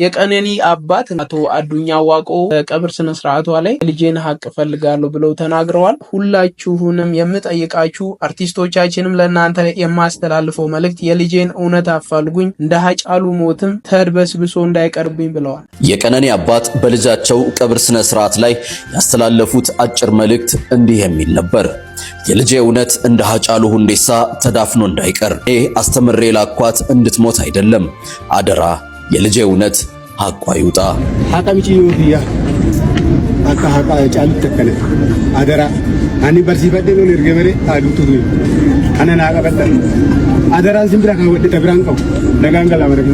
የቀነኒ አባት አቶ አዱኛ ዋቆ በቀብር ስነ ስርዓቷ ላይ ልጄን ሀቅ እፈልጋለሁ ብለው ተናግረዋል። ሁላችሁንም የምጠይቃችሁ አርቲስቶቻችንም ለእናንተ የማስተላልፈው መልእክት የልጄን እውነት አፋልጉኝ፣ እንደ ሀጫሉ ሞትም ተድበስብሶ እንዳይቀርብኝ ብለዋል። የቀነኒ አባት በልጃቸው ቀብር ስነ ስርዓት ላይ ያስተላለፉት አጭር መልእክት እንዲህ የሚል ነበር። የልጄ እውነት እንደ ሀጫሉ ሁንዴሳ ተዳፍኖ እንዳይቀር፣ እኔ አስተምሬ ላኳት እንድትሞት አይደለም አደራ የልጄ እውነት ሐቋ ይውጣ። አቃሚጪ ይውዲያ አቃ አቃ ጫል ተከለ አደራ አኒ በርሲ በደሎ ለርገበሬ አዱቱ ነው አነና አቃ በጣ አደራን ዝምብራ ካወደ ተብራን ቀው ደጋንገላ መረገ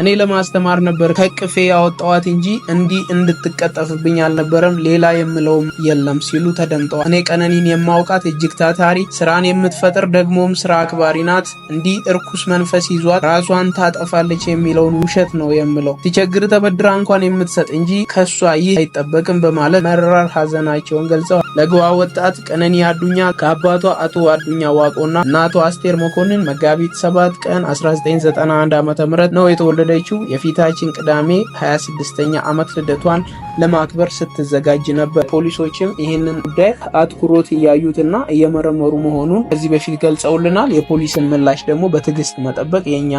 እኔ ለማስተማር ነበር ከቅፌ ያወጣዋት እንጂ እንዲህ እንድትቀጠፍብኝ አልነበረም፣ ሌላ የምለውም የለም ሲሉ ተደምጠዋል። እኔ ቀነኒን የማውቃት እጅግ ታታሪ፣ ስራን የምትፈጥር ደግሞም ስራ አክባሪ ናት። እንዲህ እርኩስ መንፈስ ይዟት ራሷን ታጠፋለች የሚለውን ውሸት ነው የምለው። ትቸግር ተበድራ እንኳን የምትሰጥ እንጂ ከሷ ይህ አይጠበቅም በማለት መራር ሀዘናቸውን ገልጸዋል። ለገዋ ወጣት ቀነኒ አዱኛ ከአባቷ አቶ አዱኛ ዋቆና እናቷ አስቴር መኮንን መጋቢት 7 ቀን 1991 ዓ.ም ምህረት ነው የተወለደችው። የፊታችን ቅዳሜ 26ኛ ዓመት ልደቷን ለማክበር ስትዘጋጅ ነበር። ፖሊሶችም ይህንን ጉዳይ አትኩሮት እያዩትና እየመረመሩ መሆኑን ከዚህ በፊት ገልጸውልናል። የፖሊስን ምላሽ ደግሞ በትዕግስት መጠበቅ የኛ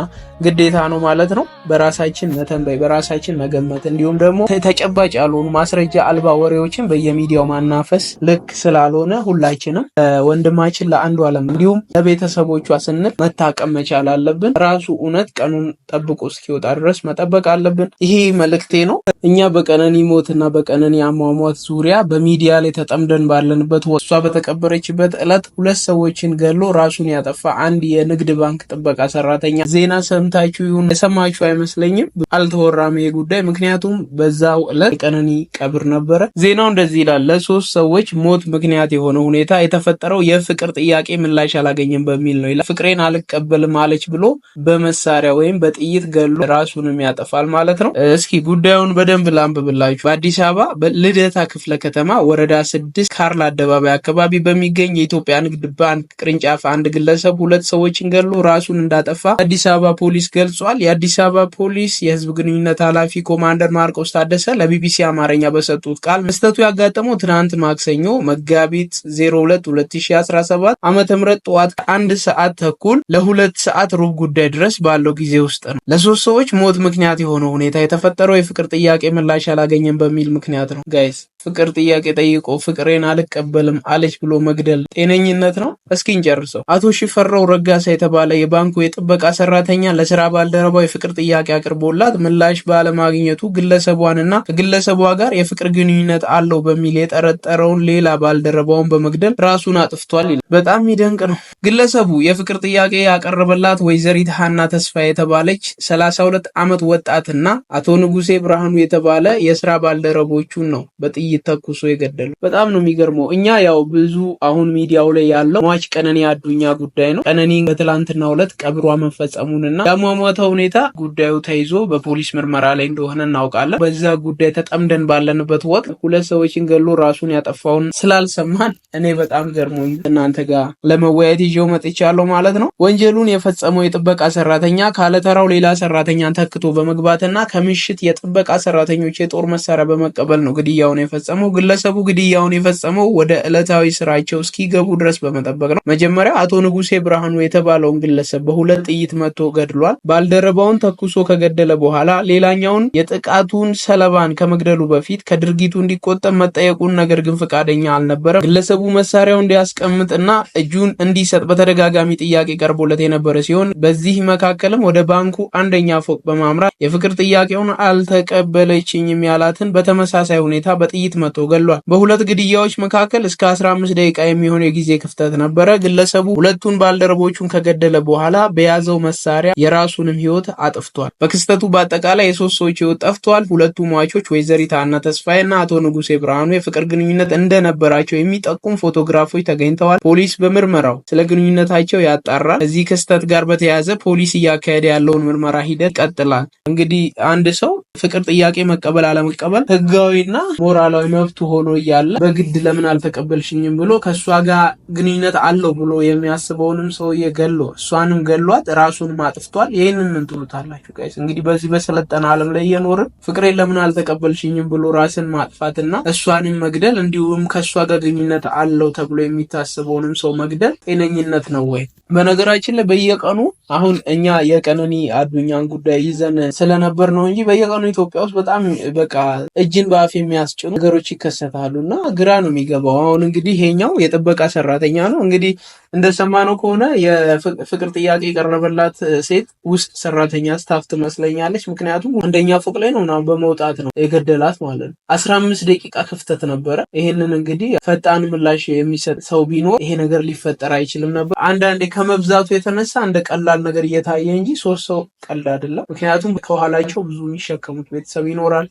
ግዴታ ነው ማለት ነው። በራሳችን መተንበይ፣ በራሳችን መገመት እንዲሁም ደግሞ ተጨባጭ ያልሆኑ ማስረጃ አልባ ወሬዎችን በየሚዲያው ማናፈስ ልክ ስላልሆነ ሁላችንም ወንድማችን ለአንዱ አለም እንዲሁም ለቤተሰቦቿ ስንል መታቀም መቻል አለብን። ራሱ እውነት ቀኑን ጠብቆ እስኪወጣ ድረስ መጠበቅ አለብን። ይሄ መልእክቴ ነው። እኛ በቀነኒ ሞት በሞትና በቀነኒ አሟሟት ዙሪያ በሚዲያ ላይ ተጠምደን ባለንበት እሷ በተቀበረችበት ዕለት ሁለት ሰዎችን ገሎ ራሱን ያጠፋ አንድ የንግድ ባንክ ጥበቃ ሰራተኛ ዜና ሰምታችሁ ይሁን የሰማችሁ አይመስለኝም። አልተወራም ይሄ ጉዳይ ምክንያቱም በዛው ዕለት የቀነኒ ቀብር ነበረ። ዜናው እንደዚህ ይላል። ለሶስት ሰዎች ሞት ምክንያት የሆነ ሁኔታ የተፈጠረው የፍቅር ጥያቄ ምላሽ አላገኘም በሚል ነው ይላል። ፍቅሬን አልቀበልም አለች ብሎ በመሳሪያ ወይም በጥይት ገሎ ራሱንም ያጠፋል ማለት ነው። እስኪ ጉዳዩን በደንብ ላንብብላችሁ። አዲስ አበባ በልደታ ክፍለ ከተማ ወረዳ ስድስት ካርል አደባባይ አካባቢ በሚገኝ የኢትዮጵያ ንግድ ባንክ ቅርንጫፍ አንድ ግለሰብ ሁለት ሰዎችን ገሎ ራሱን እንዳጠፋ አዲስ አበባ ፖሊስ ገልጿል። የአዲስ አበባ ፖሊስ የህዝብ ግንኙነት ኃላፊ ኮማንደር ማርቆስ ታደሰ ለቢቢሲ አማርኛ በሰጡት ቃል መስጠቱ ያጋጠመው ትናንት ማክሰኞ መጋቢት 02 2017 ዓ ም ጠዋት ከአንድ ሰዓት ተኩል ለሁለት ሰዓት ሩብ ጉዳይ ድረስ ባለው ጊዜ ውስጥ ነው። ለሶስት ሰዎች ሞት ምክንያት የሆነው ሁኔታ የተፈጠረው የፍቅር ጥያቄ ምላሽ አላገኘም በሚል ምክንያት ነው ጋይስ ፍቅር ጥያቄ ጠይቆ ፍቅሬን አልቀበልም አለች ብሎ መግደል ጤነኝነት ነው? እስኪ እንጨርሰው። አቶ ሽፈራው ረጋሳ የተባለ የባንኩ የጥበቃ ሰራተኛ ለስራ ባልደረባው የፍቅር ጥያቄ አቅርቦላት ምላሽ ባለማግኘቱ ግለሰቧንና ከግለሰቧ ጋር የፍቅር ግንኙነት አለው በሚል የጠረጠረውን ሌላ ባልደረባውን በመግደል ራሱን አጥፍቷል ይላል። በጣም የሚደንቅ ነው። ግለሰቡ የፍቅር ጥያቄ ያቀረበላት ወይዘሪት ሀና ተስፋ የተባለች 32 ዓመት ወጣትና አቶ ንጉሴ ብርሃኑ የተባለ የስራ ባልደረቦቹን ነው በጥ ጥይት ተኩሶ የገደሉ። በጣም ነው የሚገርመው። እኛ ያው ብዙ አሁን ሚዲያው ላይ ያለው ሟች ቀነኒ አዱኛ ጉዳይ ነው። ቀነኒ በትላንትና ሁለት ቀብሯ መፈጸሙንና የአሟሟቷ ሁኔታ ጉዳዩ ተይዞ በፖሊስ ምርመራ ላይ እንደሆነ እናውቃለን። በዛ ጉዳይ ተጠምደን ባለንበት ወቅት ሁለት ሰዎችን ገሎ ራሱን ያጠፋውን ስላልሰማን እኔ በጣም ገርሞኝ እናንተ ጋር ለመወያየት ይዤው መጥቻለሁ ማለት ነው። ወንጀሉን የፈጸመው የጥበቃ ሰራተኛ ካለተራው ሌላ ሰራተኛን ተክቶ በመግባትና ከምሽት የጥበቃ ሰራተኞች የጦር መሳሪያ በመቀበል ነው ግድያውን የፈ የተፈጸመው ግለሰቡ ግድያውን የፈጸመው ወደ ዕለታዊ ስራቸው እስኪገቡ ድረስ በመጠበቅ ነው። መጀመሪያ አቶ ንጉሴ ብርሃኑ የተባለውን ግለሰብ በሁለት ጥይት መቶ ገድሏል። ባልደረባውን ተኩሶ ከገደለ በኋላ ሌላኛውን የጥቃቱን ሰለባን ከመግደሉ በፊት ከድርጊቱ እንዲቆጠብ መጠየቁን፣ ነገር ግን ፈቃደኛ አልነበረም። ግለሰቡ መሳሪያው እንዲያስቀምጥና እጁን እንዲሰጥ በተደጋጋሚ ጥያቄ ቀርቦለት የነበረ ሲሆን በዚህ መካከልም ወደ ባንኩ አንደኛ ፎቅ በማምራት የፍቅር ጥያቄውን አልተቀበለችኝም ያላትን በተመሳሳይ ሁኔታ በጥይት በጥይት መቶ ገሏል። በሁለት ግድያዎች መካከል እስከ 15 ደቂቃ የሚሆን የጊዜ ክፍተት ነበረ። ግለሰቡ ሁለቱን ባልደረቦቹን ከገደለ በኋላ በያዘው መሳሪያ የራሱንም ህይወት አጥፍቷል። በክስተቱ በአጠቃላይ የሶስት ሰዎች ህይወት ጠፍቷል። ሁለቱ ሟቾች ወይዘሪት አና ተስፋዬና አቶ ንጉሴ ብርሃኑ የፍቅር ግንኙነት እንደነበራቸው የሚጠቁም ፎቶግራፎች ተገኝተዋል። ፖሊስ በምርመራው ስለ ግንኙነታቸው ያጣራል። ከዚህ ክስተት ጋር በተያያዘ ፖሊስ እያካሄደ ያለውን ምርመራ ሂደት ይቀጥላል። እንግዲህ አንድ ሰው ፍቅር ጥያቄ መቀበል አለመቀበል ህጋዊና ሞራላዊ መብቱ ሆኖ እያለ በግድ ለምን አልተቀበልሽኝም ብሎ ከእሷ ጋር ግንኙነት አለው ብሎ የሚያስበውንም ሰውዬ ገሎ እሷንም ገሏት ራሱንም አጥፍቷል። ይህንን ምን ትሉታላችሁ እንግዲህ በዚህ በሰለጠነ ዓለም ላይ እየኖርን ፍቅሬ ለምን አልተቀበልሽኝም ብሎ ራስን ማጥፋትና እሷንም መግደል እንዲሁም ከእሷ ጋር ግንኙነት አለው ተብሎ የሚታስበውንም ሰው መግደል ጤነኝነት ነው ወይ? በነገራችን ላይ በየቀኑ አሁን እኛ የቀነኒ አዱኛን ጉዳይ ይዘን ስለነበር ነው እንጂ በየቀኑ ኢትዮጵያ ውስጥ በጣም በቃ እጅን በአፍ የሚያስጭኑ ነገሮች ይከሰታሉ እና ግራ ነው የሚገባው። አሁን እንግዲህ ይሄኛው የጥበቃ ሰራተኛ ነው እንግዲህ እንደሰማነው ከሆነ የፍቅር ጥያቄ የቀረበላት ሴት ውስጥ ሰራተኛ ስታፍ ትመስለኛለች። ምክንያቱም አንደኛ ፎቅ ላይ ነው ምናምን በመውጣት ነው የገደላት ማለት ነው። አስራ አምስት ደቂቃ ክፍተት ነበረ። ይሄንን እንግዲህ ፈጣን ምላሽ የሚሰጥ ሰው ቢኖር ይሄ ነገር ሊፈጠር አይችልም ነበር። አንዳንዴ ከመብዛቱ የተነሳ እንደ ቀላል የሚባል ነገር እየታየ እንጂ ሶስት ሰው ቀልድ አይደለም። ምክንያቱም ከኋላቸው ብዙ የሚሸከሙት ቤተሰብ ይኖራል።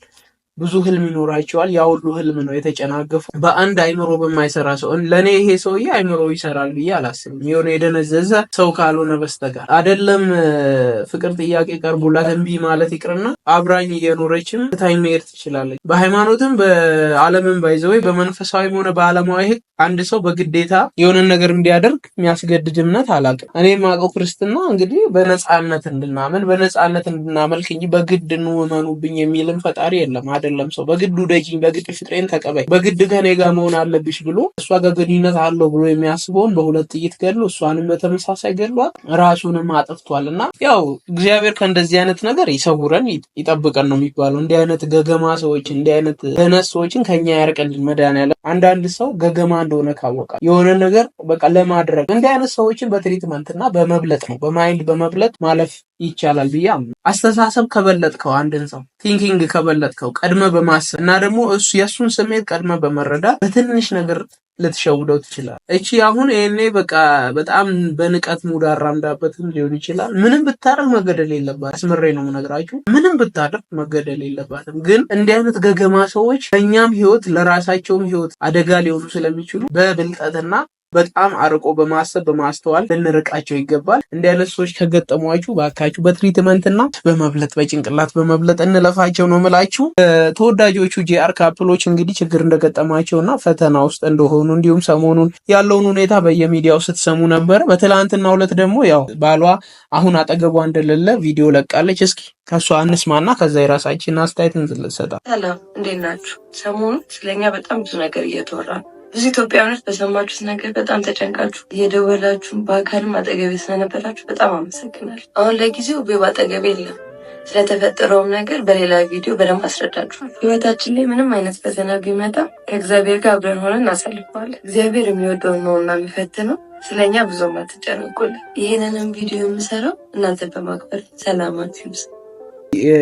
ብዙ ህልም ይኖራቸዋል። ያ ሁሉ ህልም ነው የተጨናገፉ በአንድ አይምሮ በማይሰራ ሰው። ለእኔ ይሄ ሰውዬ አይምሮ ይሰራል ብዬ አላስብም፣ የሆነ የደነዘዘ ሰው ካልሆነ በስተቀር አይደለም። ፍቅር ጥያቄ ቀርቦላት እምቢ ማለት ይቅርና አብራኝ እየኖረችም ታይ መሄድ ትችላለች። በሃይማኖትም ባይዘ ወይ በመንፈሳዊም ሆነ በአለማዊ ህግ አንድ ሰው በግዴታ የሆነን ነገር እንዲያደርግ የሚያስገድድ እምነት አላውቅም። እኔ የማውቀው ክርስትና እንግዲህ በነፃነት እንድናምን በነፃነት እንድናመልክ እንጂ በግድ እንውመኑብኝ የሚልም ፈጣሪ የለም። አይደለም ሰው በግድ ውደጂኝ፣ በግድ ፍቅሬን ተቀበይ፣ በግድ ከኔ ጋር መሆን አለብሽ ብሎ እሷ ጋር ግንኙነት አለው ብሎ የሚያስበውን በሁለት ጥይት ገድሎ እሷንም በተመሳሳይ ገድሏት ራሱንም አጥፍቷል። እና ያው እግዚአብሔር ከእንደዚህ አይነት ነገር ይሰውረን ይጠብቀን ነው የሚባለው። እንዲህ አይነት ገገማ ሰዎች፣ እንዲህ አይነት ደነት ሰዎችን ከኛ ያርቅልን መድኃኒዓለም። አንዳንድ ሰው ገገማ እንደሆነ ካወቀ የሆነ ነገር በቃ ለማድረግ እንዲህ አይነት ሰዎችን በትሪትመንትና በመብለጥ ነው በማይንድ በመብለጥ ማለፍ ይቻላል ብዬ አስተሳሰብ ከበለጥከው አንድን ሰው ቲንኪንግ ከበለጥከው ቀድ ቀድመ በማሰብ እና ደግሞ እሱ የእሱን ስሜት ቀድመ በመረዳት በትንሽ ነገር ልትሸውደው ትችላል። እቺ አሁን ይሄኔ በቃ በጣም በንቀት ሙድ አራምዳበትም ሊሆን ይችላል። ምንም ብታደርግ መገደል የለባት አስምሬ ነው የምነግራችሁ። ምንም ብታደርግ መገደል የለባትም። ግን እንዲህ አይነት ገገማ ሰዎች ከእኛም ህይወት ለራሳቸውም ህይወት አደጋ ሊሆኑ ስለሚችሉ በብልጠትና በጣም አርቆ በማሰብ በማስተዋል ልንርቃቸው ይገባል። እንዲህ አይነት ሰዎች ከገጠሟችሁ ባካችሁ በትሪትመንትና በመብለጥ በጭንቅላት በመብለጥ እንለፋቸው ነው ምላችሁ። ተወዳጆቹ ጂአር ካፕሎች እንግዲህ ችግር እንደገጠማቸውና ፈተና ውስጥ እንደሆኑ እንዲሁም ሰሞኑን ያለውን ሁኔታ በየሚዲያው ስትሰሙ ነበረ። በትላንትና ሁለት ደግሞ ያው ባሏ አሁን አጠገቧ እንደሌለ ቪዲዮ ለቃለች። እስኪ ከእሷ እንስማና ከዛ የራሳችን አስተያየት እንዝልሰጣል። ሰላም፣ እንዴት ናችሁ? ሰሞኑን ስለኛ በጣም ብዙ ነገር እየተወራ ብዙ ኢትዮጵያውያኖች በሰማችሁት ነገር በጣም ተጨንቃችሁ እየደወላችሁ በአካልም አጠገቤ ስለነበራችሁ በጣም አመሰግናለሁ። አሁን ለጊዜው ቤብ አጠገቤ የለም። ስለተፈጠረውም ነገር በሌላ ቪዲዮ በደንብ አስረዳችኋል። ህይወታችን ላይ ምንም አይነት ፈተና ቢመጣ ከእግዚአብሔር ጋር አብረን ሆነን እናሳልፈዋለን። እግዚአብሔር የሚወደውን ነውና የሚፈትነው። ስለኛ ብዙም አትጨንቁልን። ይህንንም ቪዲዮ የምሰራው እናንተን በማክበር ሰላማችሁ ይብዛ።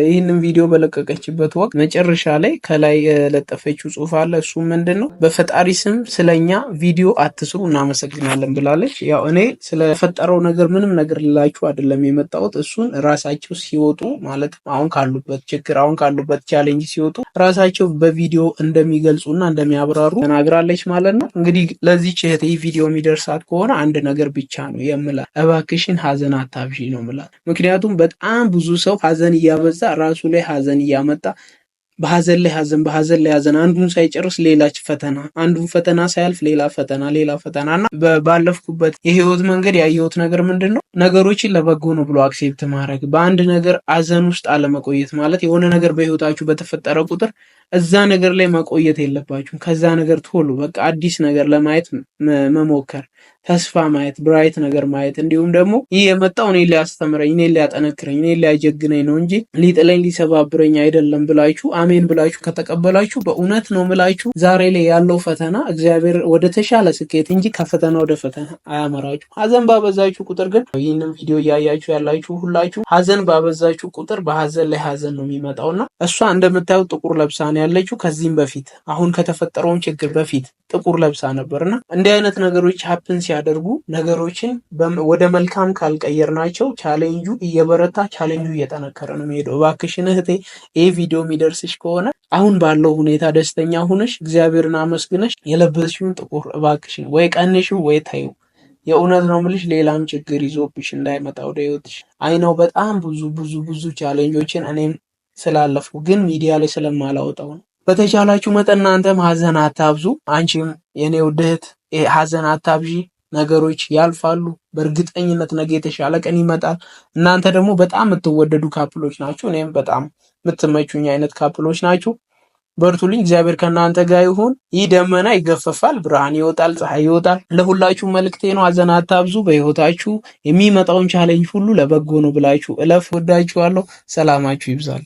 ይህንን ቪዲዮ በለቀቀችበት ወቅት መጨረሻ ላይ ከላይ የለጠፈችው ጽሁፍ አለ። እሱ ምንድን ነው? በፈጣሪ ስም ስለኛ ቪዲዮ አትስሩ፣ እናመሰግናለን ብላለች። ያው እኔ ስለፈጠረው ነገር ምንም ነገር ልላችሁ አይደለም የመጣሁት። እሱን ራሳቸው ሲወጡ ማለት አሁን ካሉበት ችግር አሁን ካሉበት ቻሌንጅ ሲወጡ ራሳቸው በቪዲዮ እንደሚገልጹና እንደሚያብራሩ ተናግራለች ማለት ነው። እንግዲህ ለዚች እህት ቪዲዮ የሚደርሳት ከሆነ አንድ ነገር ብቻ ነው የምላት፣ እባክሽን ሀዘን አታብዢ ነው ምላት። ምክንያቱም በጣም ብዙ ሰው ሀዘን እያ እያበዛ ራሱ ላይ ሀዘን እያመጣ በሀዘን ላይ ሀዘን በሀዘን ላይ ሀዘን አንዱን ሳይጨርስ ሌላች ፈተና አንዱን ፈተና ሳያልፍ ሌላ ፈተና ሌላ ፈተና እና ባለፍኩበት የህይወት መንገድ ያየሁት ነገር ምንድን ነው? ነገሮችን ለበጎ ነው ብሎ አክሴፕት ማድረግ፣ በአንድ ነገር ሀዘን ውስጥ አለመቆየት ማለት የሆነ ነገር በህይወታችሁ በተፈጠረ ቁጥር እዛ ነገር ላይ መቆየት የለባችሁም። ከዛ ነገር ቶሎ በቃ አዲስ ነገር ለማየት መሞከር፣ ተስፋ ማየት፣ ብራይት ነገር ማየት እንዲሁም ደግሞ ይህ የመጣው እኔ ሊያስተምረኝ፣ እኔ ሊያጠነክረኝ፣ እኔ ሊያጀግነኝ ነው እንጂ ሊጥለኝ ሊሰባብረኝ አይደለም ብላችሁ አሜን ብላችሁ ከተቀበላችሁ በእውነት ነው ምላችሁ ዛሬ ላይ ያለው ፈተና እግዚአብሔር ወደ ተሻለ ስኬት እንጂ ከፈተና ወደ ፈተና አያመራችሁ። ሀዘን ባበዛችሁ ቁጥር ግን ይህንም ቪዲዮ እያያችሁ ያላችሁ ሁላችሁ ሀዘን ባበዛችሁ ቁጥር በሀዘን ላይ ሀዘን ነው የሚመጣውና እሷ እንደምታየው ጥቁር ለብሳ ። ነው ያለችው። ከዚህም በፊት አሁን ከተፈጠረውን ችግር በፊት ጥቁር ለብሳ ነበር እና እንዲህ አይነት ነገሮች ሀፕን ሲያደርጉ ነገሮችን ወደ መልካም ካልቀየር ናቸው ቻሌንጁ እየበረታ ቻሌንጁ እየጠነከረ ነው የሚሄደው። እባክሽን እህቴ ይህ ቪዲዮ የሚደርስሽ ከሆነ አሁን ባለው ሁኔታ ደስተኛ ሁነሽ እግዚአብሔርን አመስግነሽ የለበስሽውን ጥቁር እባክሽን ወይ ቀንሽው ወይ ታዩ የእውነት ነው ምልሽ ሌላም ችግር ይዞብሽ እንዳይመጣ ወደ ህይወትሽ። አይ ነው በጣም ብዙ ብዙ ብዙ ቻሌንጆችን እኔም ስላለፉ ግን ሚዲያ ላይ ስለማላወጣው ነው። በተቻላችሁ መጠን እናንተም ሀዘን አታብዙ። አንቺም የኔ ውድ እህት ሀዘን አታብዢ። ነገሮች ያልፋሉ። በእርግጠኝነት ነገ የተሻለ ቀን ይመጣል። እናንተ ደግሞ በጣም የምትወደዱ ካፕሎች ናችሁ። እኔም በጣም የምትመቹኝ አይነት ካፕሎች ናችሁ። በርቱልኝ። እግዚአብሔር ከእናንተ ጋር ይሁን። ይህ ደመና ይገፈፋል፣ ብርሃን ይወጣል፣ ፀሐይ ይወጣል። ለሁላችሁ መልክቴ ነው፣ ሀዘን አታብዙ። በህይወታችሁ የሚመጣውን ቻሌንጅ ሁሉ ለበጎ ነው ብላችሁ እለፍ። ወዳችኋለሁ። ሰላማችሁ ይብዛል።